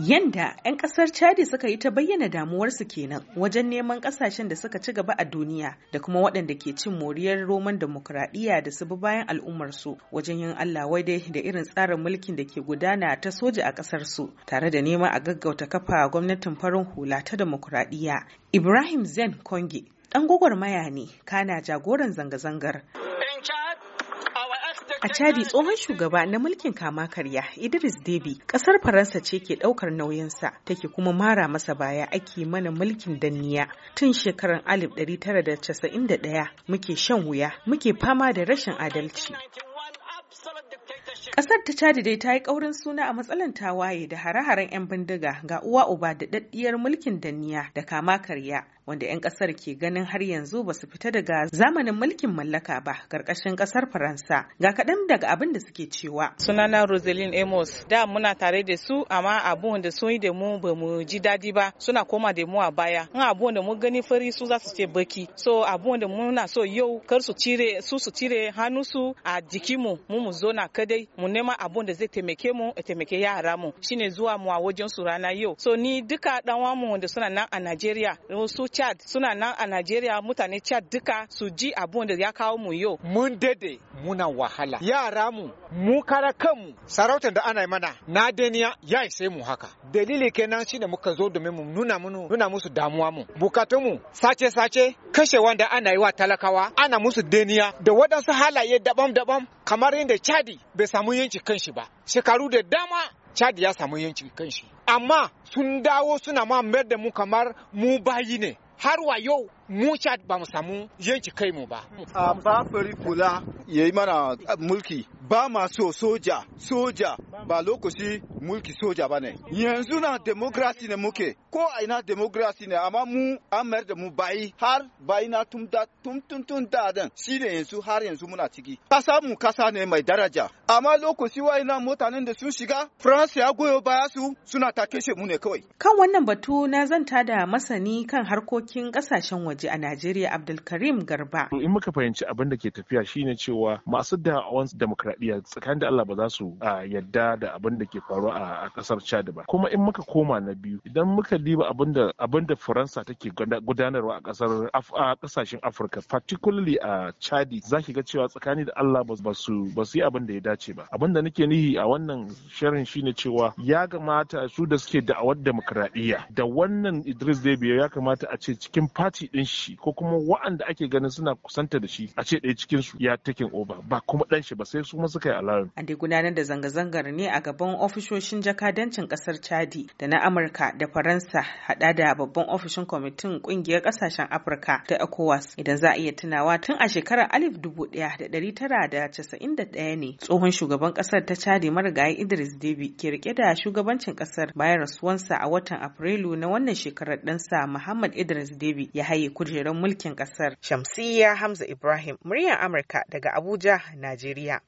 Yanda 'yan kasar Chadi suka yi ta bayyana damuwarsu kenan wajen neman kasashen da suka ci gaba a duniya da kuma waɗanda ke cin moriyar Roman demokuraɗiyya da su bi bayan al'ummarsu wajen yin Allah wai dai da irin tsarin mulkin da ke gudana ta soja a ƙasarsu tare da neman a gaggauta kafa gwamnatin farin hula ta demokuraɗiyya. Ibrahim Zen Konge ɗan gwagwarmaya ne kana jagoran zanga-zangar. A Chadi tsohon shugaba na mulkin kama karya Idris Deby kasar Faransa ce ke daukar nauyinsa take kuma mara masa baya ake mana mulkin danniya tun shekarar 1991 muke shan wuya muke fama da rashin adalci. Ƙasar ta Chadi dai ta yi ƙaurin suna a matsalan tawaye da hare-haren 'yan bindiga ga uwa uba da daddiyar mulkin danniya da kama karya wanda 'yan ƙasar ke ganin har yanzu ba su fita daga zamanin mulkin mallaka ba karkashin ƙasar Faransa. Ga kaɗan daga abin da suke cewa. Sunana Rosaline Amos da muna tare da su amma abun da sun yi da mu ba mu ji daɗi ba suna koma da mu a baya. In abun da mun gani fari su za su ce baki. So abun da muna so yau kar su cire su su cire hannu su a jikinmu mu mu zo na kadai mu nema abun da zai taimake mu ya taimake yara mu shine zuwa mu a wajen su rana yau so ni duka dan mu wanda suna nan a Najeriya su Chad suna nan a Najeriya mutane Chad duka su ji abun da ya kawo mu yau mun dade muna wahala yara mu mu kara kanmu sarautar da ana mana na daniya ya sai mu haka dalili kenan shine muka zo domin mu nuna munu nuna musu damuwa mu bukatun mu sace sace kashe wanda ana yi wa talakawa ana musu daniya da waɗansu halaye daban-daban, kamar yadda chadi bai samu yanci kanshi ba shekaru da dama chadi ya samu yanci kanshi amma sun dawo suna ma mayar da mu kamar mu bayi ne har wa yau mu Chad ba mu samu yanci kai mu ba. A ba fari kula ya yi mana mulki ba ma so soja soja ba lokaci mulki soja ba ne yanzu na demokrasi ne muke ko a ina demokrasi ne amma mu an mayar da mu bayi har bayi na tun da tun shi ne yanzu har yanzu muna ciki kasa mu kasa ne mai daraja amma lokaci wa ina mutanen da sun shiga france ya goyo baya su suna ta kashe mu ne kawai kan wannan batu na zanta da masani kan harkokin kasashen waje a Najeriya Abdulkarim Garba in muka fahimci abin da ke tafiya shine cewa masu da'awan demokradiyya tsakanin da Allah ba za su ah, yadda da abin da ke faruwa a kasar Chad ba kuma in muka koma na biyu idan muka diba abinda abinda Faransa take gudanarwa a kasar a kasashen Afirka particularly a Chadi zaki ga cewa tsakani da Allah ba su ba su yi abin da ya dace ba abinda nake nihi a wannan sharhin shine cewa ya kamata su da suke da'awar demokradiyya da wannan Idris dai ya kamata a ce cikin fati din shi ko kuma wa'anda ake ganin suna kusanta da shi a ce ɗaya cikin su ya taken over ba kuma ɗan shi ba sai su ma suka yi alarm. An dai gudanar da zanga-zangar ne a gaban ofisoshin ofisoshin jakadancin kasar Chadi da na Amurka da Faransa hada da babban ofishin kwamitin kungiyar kasashen Afirka ta ECOWAS idan za a iya tunawa tun a shekarar 1991 ne tsohon shugaban kasar ta Chadi marigayi Idris Deby ke rike da shugabancin kasar bayan rasuwansa a watan Afrilu na wannan shekarar ɗansa Muhammad Idris Deby ya haye kujerar mulkin kasar. Shamsiyya Hamza Ibrahim, muryar Amurka daga Abuja, Najeriya.